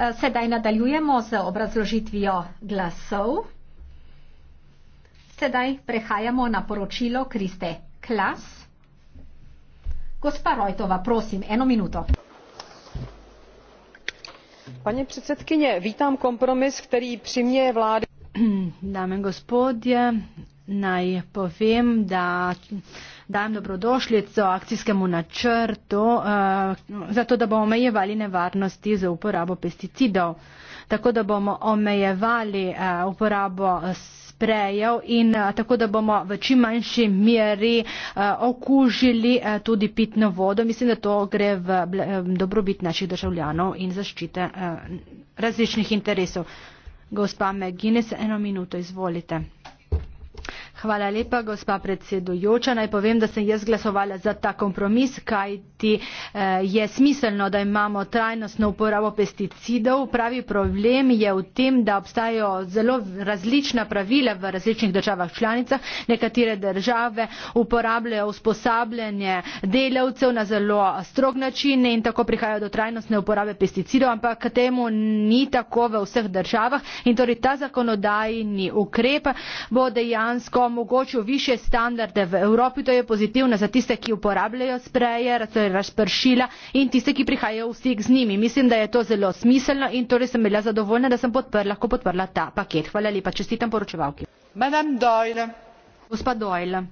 Eh, sedaj nadaljujemo z obrazložitvijo glasov. Sedaj prehajamo na poročilo Kriste Klas. Gospa Rojtova, prosim, eno minuto. Pane predsedkinje, vítam kompromis, ktorý primieje vlády. Dame gospodje, naj povem, da dajem dobrodošljico akcijskemu načrtu, eh, zato da bomo omejevali nevarnosti za uporabo pesticidov. Tako da bomo omejevali eh, uporabo sprejev in eh, tako da bomo v čim manjši meri okužili tudi pitno vodo. Mislim, da to gre v dobrobit naših državljanov in zaščite različnih interesov. Gospa McGuinness, eno minuto, izvolite. Hvala lepa, gospa predsedujoča. Naj povem, da sem jaz glasovala za ta kompromis, kaj ti eh, je smiselno, da imamo trajnostno uporabo pesticidov. Pravi problem je v tem, da obstajajo zelo različna pravila v različnih državah članicah. Nekatere države uporabljajo usposabljanje delavcev na zelo strog način in tako prihajajo do trajnostne uporabe pesticidov, ampak temu ni tako v vseh državah. In torej ta zakonodajni ukrep bo dejansko omogočil više standarde v Evropi, to je pozitivno za tiste, ki uporabljajo sprejer, to je razpršila in tiste, ki prihajajo v stik z njimi. Mislim, da je to zelo smiselno in torej sem bila zadovoljna, da sem podprla, lahko podprla ta paket. Hvala lepa, čestitam poročevalki. Madame Doyle. Gospa Doyle.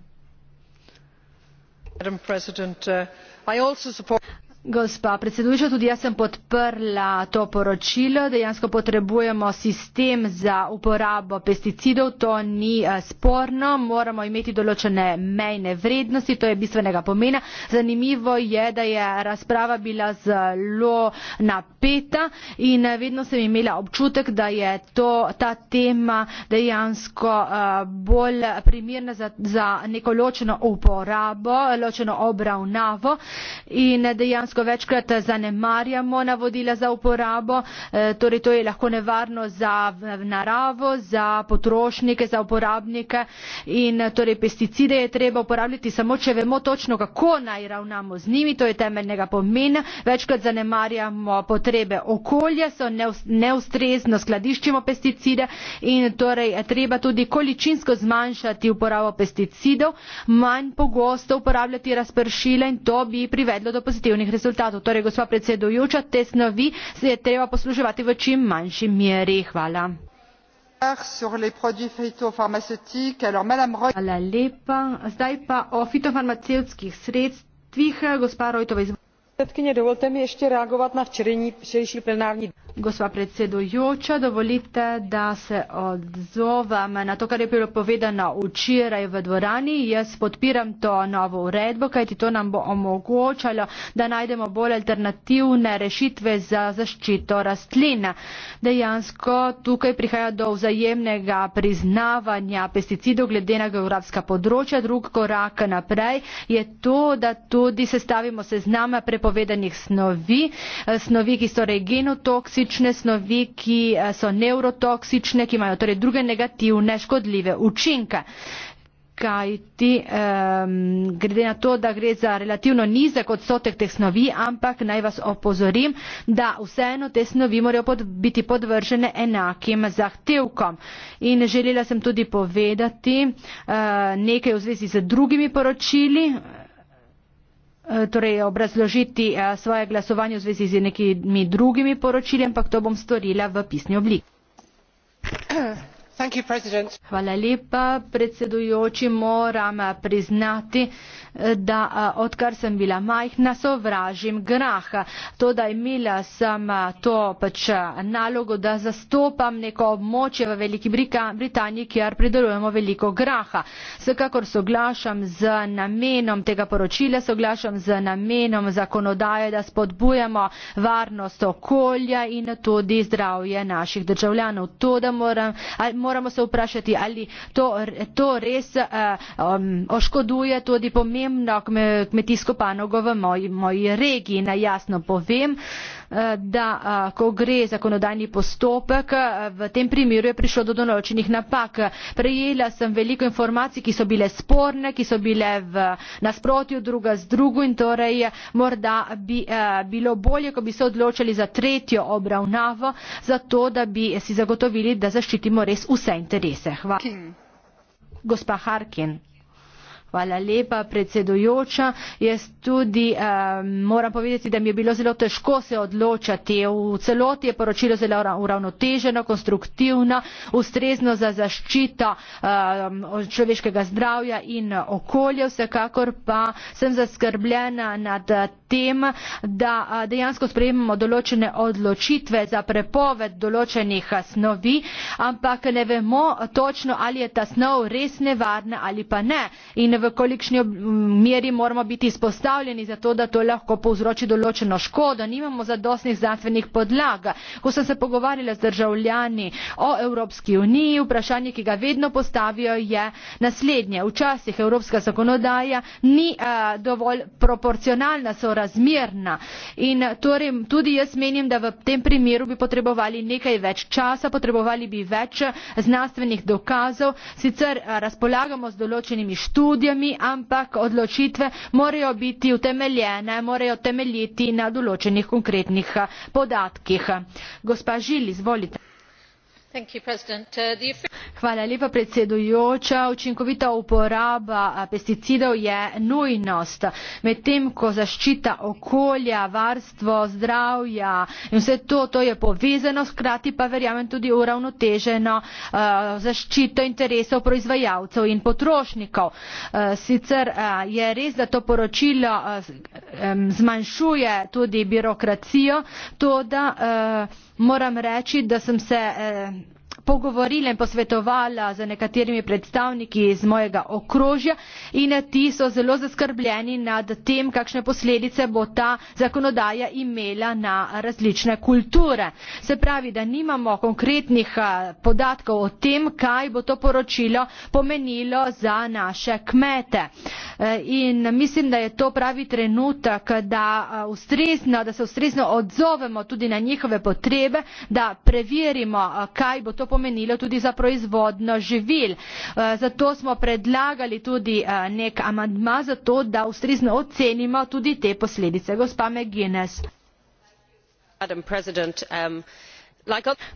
Madame President, uh, I also support. Gospa predsedujoča, tudi jaz sem podprla to poročilo. Dejansko potrebujemo sistem za uporabo pesticidov, to ni eh, sporno. Moramo imeti določene mejne vrednosti, to je bistvenega pomena. Zanimivo je, da je razprava bila zelo napeta in eh, vedno sem imela občutek, da je to, ta tema dejansko eh, bolj primirna za, za neko ločeno uporabo, ločeno obravnavo in dejansko dejansko večkrat zanemarjamo navodila za uporabo, eh, torej to je lahko nevarno za eh, naravo, za potrošnike, za uporabnike in eh, torej pesticide je treba uporabljati samo, če vemo točno, kako naj ravnamo z njimi, to je temeljnega pomena, večkrat zanemarjamo potrebe okolja, so neustrezno skladiščimo pesticide in torej treba tudi količinsko zmanjšati uporabo pesticidov, manj pogosto uporabljati razpršile in to bi privedlo do pozitivnih rezultatov rezultatu torej gospa predsedujoča te snovi se je treba posluževati v čim manjši meri hvala Hvala lepa. Zdaj pa o fitofarmacevskih sredstvih. Gospa Rojtova, izvolite. Predsedkinje, dovolite mi ještě reagovat na včerejší plenární. Gospa predsedujoča, dovolite, da se odzovem na to, kar je bilo povedano včeraj v dvorani. Jaz podpiram to novo uredbo, kajti to nam bo omogočalo, da najdemo bolj alternativne rešitve za zaščito rastlin. Dejansko tukaj prihaja do vzajemnega priznavanja pesticidov glede na geografska področja. Drug korak naprej je to, da tudi sestavimo sezname prepovedanih snovi, snovi, ki so torej genotoksi toksične snovi, ki eh, so neurotoksične, ki imajo torej druge negativne škodljive učinke. Kaj ti, um, ehm, glede na to, da gre za relativno nizek odstotek teh snovi, ampak naj vas opozorim, da vseeno te snovi morajo pod, biti podvržene enakim zahtevkom. In želela sem tudi povedati uh, nekaj v zvezi z drugimi poročili. Eh, torej obrazložiti eh, svoje glasovanje v zvezi z nekimi drugimi poročili, ampak to bom storila v pisni obliki. Hvala lepa, predsedujoči, moram eh, priznati, eh, da eh, odkar sem bila majhna, sovražim graha. To, da imela sem to pač nalogo, da zastopam neko območje v Veliki Britaniji, kjer pridelujemo veliko graha. Vsekakor soglašam z namenom tega poročila, soglašam z namenom zakonodaje, da spodbujamo varnost okolja in tudi zdravje naših državljanov. To, moramo se vprašati ali to, to res eh, um, oškoduje tudi pomembno kmetijsko panogo v moji, moji regiji. Najjasno povem, uh, Eh, da eh, ko gre zakonodajni postopek eh, v tem primeru je prišlo do določenih napak. Prejela sem veliko informacij, ki so bile sporne, ki so bile v nasprotju druga z drugo in torej morda bi bilo bolje, ko bi se odločili za tretjo obravnavo, zato da bi si zagotovili, da zaščitimo res vse interese. Hvala. Gospa Harkin. Hvala lepa, predsedujoča. Jaz tudi um, moram povedati, da mi je bilo zelo težko se odločati. V celoti je poročilo zelo uravnoteženo, konstruktivno, ustrezno za zaščito um, človeškega zdravja in okolja. Vsekakor pa sem zaskrbljena nad. Uh, tem, da dejansko sprejemamo določene odločitve za prepoved določenih snovi, ampak ne vemo točno, ali je ta snov res nevarna ali pa ne in v kolikšni meri moramo biti izpostavljeni za to, da to lahko povzroči določeno škodo. Nimamo zadostnih znanstvenih podlag. Ko sem se pogovarjala z državljani o Evropski uniji, vprašanje, ki ga vedno postavijo, je naslednje. Včasih evropska zakonodaja ni a, dovolj proporcionalna sorazmerna in torej tudi jaz menim da v tem primeru bi potrebovali nekaj več časa potrebovali bi več znanstvenih dokazov sicer razpolagamo z določenimi študijami ampak odločitve morajo biti utemeljene morajo temeljiti na določenih konkretnih podatkih gospa žil izvolite Uh, učinkovita uporaba pesticidov je nujnost medtem ko zaščita okolja varstvo zdravja in vse to to je povezano hkrati pa verjamem tudi uravnoteženo zaščito interesov proizvajalcev in potrošnikov. sicer je res da to poročilo zmanjšuje tudi birokracijo toda moram reči da sem se eh, pogovorila in posvetovala z nekaterimi predstavniki iz mojega okrožja in ti so zelo zaskrbljeni nad tem, kakšne posledice bo ta zakonodaja imela na različne kulture. Se pravi, da nimamo konkretnih podatkov o tem, kaj bo to poročilo pomenilo za naše kmete. E, in mislim, da je to pravi trenutek, da, ustrezno, da se ustrezno odzovemo tudi na njihove potrebe, da preverimo, kaj bo to poročilo pomenilo tudi za proizvodno živil. Eh, zato smo predlagali tudi eh, nek amandma, zato da ustrezno ocenimo tudi te posledice. Gospa McGuinness. Madam President, um,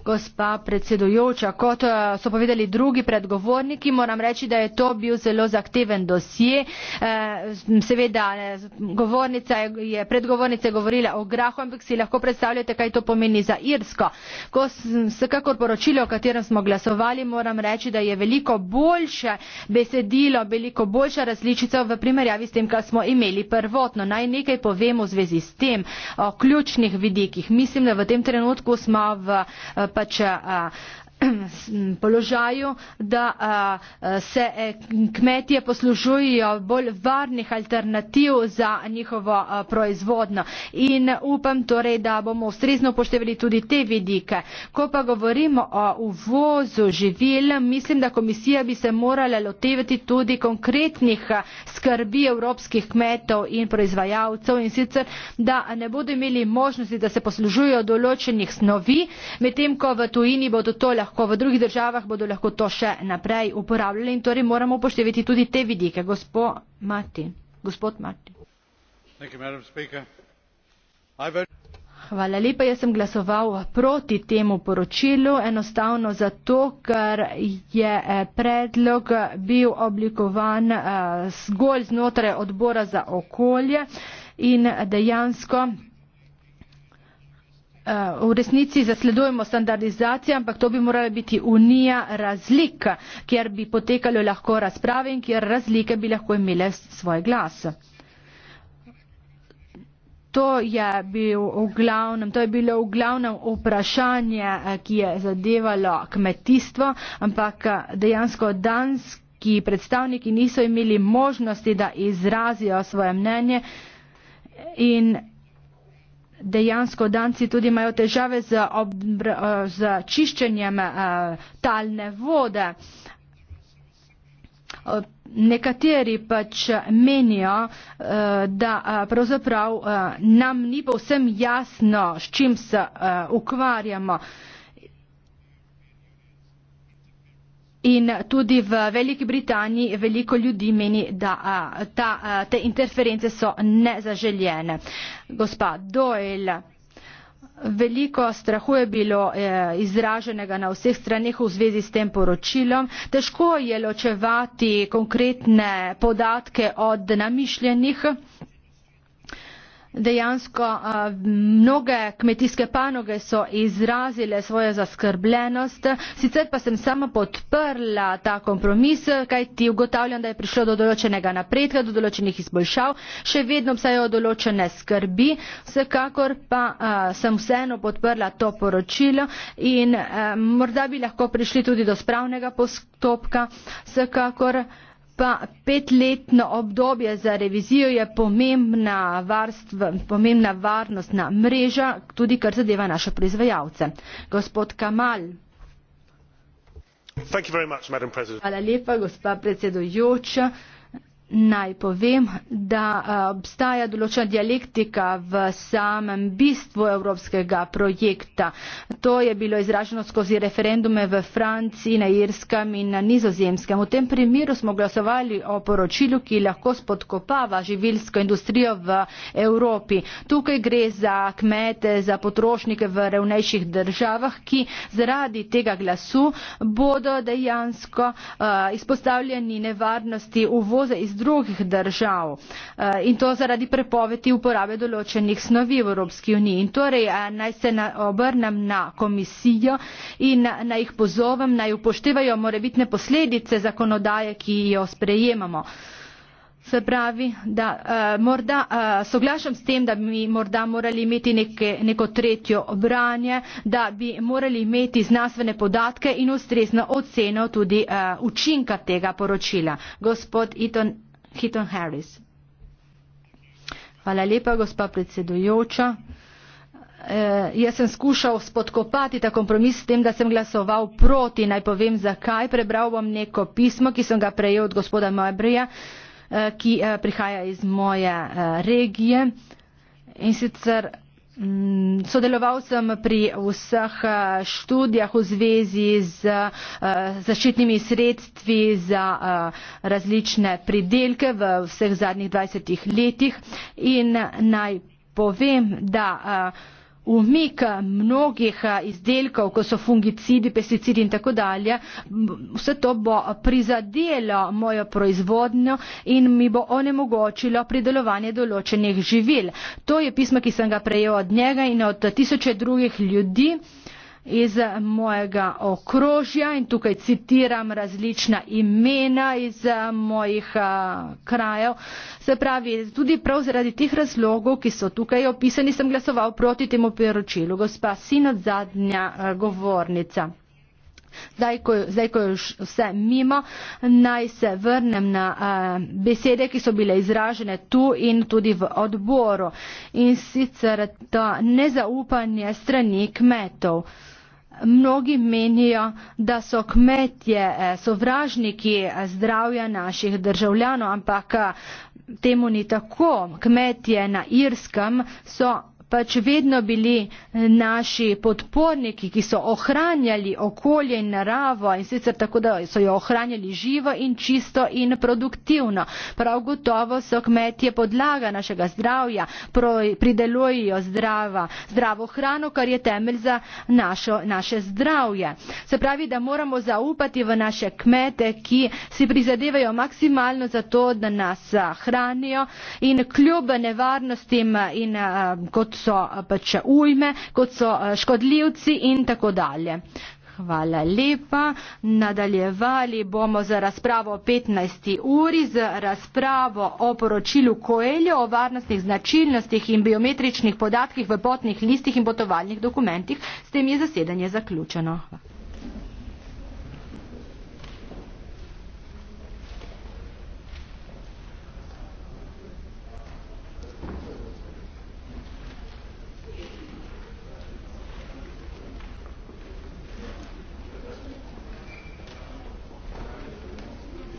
Gospa predsedujoča, kot eh, so povedali drugi predgovorniki, moram reči, da je to bil zelo zahteven dosje. Eh, seveda, eh, govornica je, predgovornica je govorila o grahu, ampak si lahko predstavljate, kaj to pomeni za Irsko. Ko vsekakor poročilo, o katerem smo glasovali, moram reči, da je veliko boljše besedilo, veliko boljša različica v primerjavi s tem, kar smo imeli prvotno. Naj nekaj povemo v zvezi s tem, o ključnih vidikih. Mislim, da v tem trenutku smo v Eh, pač eh, položaju, da se e, kmetije poslužujejo bolj varnih alternativ za njihovo proizvodno. In upam torej, da bomo ustrezno upoštevali tudi te vidike. Ko pa govorimo o uvozu živil, mislim, da komisija bi se morala lotevati tudi konkretnih skrbi evropskih kmetov in proizvajalcev in sicer, da ne bodo imeli možnosti, da se poslužujejo določenih snovi, medtem ko v tujini bodo to lahko lahko v drugih državah bodo lahko to še naprej uporabljali in torej moramo upoštevati tudi te vidike. Gospod Martin. Hvala lepa. Jaz sem glasoval proti temu poročilu, enostavno zato, ker je eh, predlog bil oblikovan eh, zgolj znotraj odbora za okolje in dejansko Eh, v resnici zasledujemo standardizacijo, ampak to bi morala biti unija razlik, kjer bi potekalo lahko razprave in kjer razlike bi lahko imele svoj glas. To je, bil v glavnem, to je bilo v glavnem vprašanje, eh, ki je zadevalo kmetijstvo, ampak eh, dejansko danski predstavniki niso imeli možnosti, da izrazijo svoje mnenje. In dejansko danci tudi imajo težave z, obr, eh, z čiščenjem eh, talne vode. Eh, nekateri pač menijo, da pravzaprav nam ni povsem jasno, s čim se ukvarjamo. In tudi v Veliki Britaniji veliko ljudi meni, da a, ta, a, te interference so nezaželjene. Gospa Doyle, veliko strahu je bilo e, izraženega na vseh stranih v zvezi s tem poročilom. Težko je ločevati konkretne podatke od namišljenih dejansko mnoge kmetijske panoge so izrazile svojo zaskrbljenost sicer pa sem sama podprla ta kompromis kajti ugotavljam da je prišlo do določenega napredka do določenih izboljšav še vedno obstajajo določene skrbi vsekakor pa a, sem vseeno podprla to poročilo in a, morda bi lahko prišli tudi do spravnega postopka vsekakor pa petletno obdobje za revizijo je pomembna, varstv, pomembna varnostna mreža, tudi kar zadeva naše proizvajalce. Gospod Kamal. Thank you very much, Madam President. Hvala lepa, gospa predsedujoča naj povem, da eh, obstaja določena dialektika v samem bistvu evropskega projekta. To je bilo izraženo skozi referendume v Franciji, na Irskem in na Nizozemskem. V tem primeru smo glasovali o poročilu, ki lahko spodkopava živilsko industrijo v Evropi. Tukaj gre za kmete, za potrošnike v revnejših državah, ki zaradi tega glasu bodo dejansko uh, izpostavljeni nevarnosti uvoza iz drugih držav eh, in to zaradi prepovedi uporabe določenih snovi v Evropski uniji. In torej eh, naj se na, obrnem na komisijo in eh, naj jih pozovem, naj upoštevajo morebitne posledice zakonodaje, ki jo sprejemamo. Se pravi, da uh, morda uh, soglašam s tem, da bi morda morali imeti neke, neko tretjo obranje, da bi morali imeti znanstvene podatke in ustrezno oceno tudi uh, učinka tega poročila. Gospod Iton. Keaton Harris. Hvala lepa, gospa predsedujoča. E, jaz sem skušal spodkopati ta kompromis s tem, da sem glasoval proti. Naj povem zakaj. Prebral bom neko pismo, ki sem ga prejel od gospoda Mojbrija, e, ki e, prihaja iz moje e, regije. In sicer Mm, sodeloval sem pri vseh eh, študijah v zvezi z eh, zaščitnimi sredstvi za eh, različne pridelke v vseh zadnjih 20 letih in naj povem, da a, umika mnogih eh, izdelkov, ko so fungicidi, pesticidi in tako dalje, vse to bo prizadelo mojo proizvodnjo in mi bo onemogočilo pridelovanje določenih živil. To je pismo, ki sem ga prejel od njega in od tisoče drugih ljudi. Uh, iz mojega okrožja in tukaj citiram različna imena iz eh, mojih eh, krajev. Se pravi, tudi prav zaradi tih razlogov, ki so tukaj opisani, sem glasoval proti temu poročilu. Gospa Sinod, zadnja eh, govornica. Zdaj ko, zdaj, ko je vse mimo, naj se vrnem na uh, besede, ki so bile izražene tu in tudi v odboru. In sicer to nezaupanje strani kmetov. Mnogi menijo, da so kmetje eh, sovražniki eh, zdravja naših državljanov, ampak temu ni tako. Kmetje na Irskem so pač vedno bili eh, naši podporniki, ki so ohranjali okolje in naravo in sicer tako, da so jo ohranjali živo in čisto in produktivno. Prav gotovo so kmetje podlaga našega zdravja, pridelujejo zdrava, zdravo hrano, kar je temelj za našo, naše zdravje. Se pravi, da moramo zaupati v naše kmete, ki si prizadevajo maksimalno za to, da nas eh, hranijo in kljub nevarnostim eh, in kot so eh, pač ujme, kot so eh, škodljivci in tako dalje. Hvala lepa. Nadaljevali bomo z razpravo o 15. uri, z razpravo o poročilu Koeljo o varnostnih značilnostih in biometričnih podatkih v potnih listih in potovalnih dokumentih. S tem je zasedanje zaključeno. Hvala.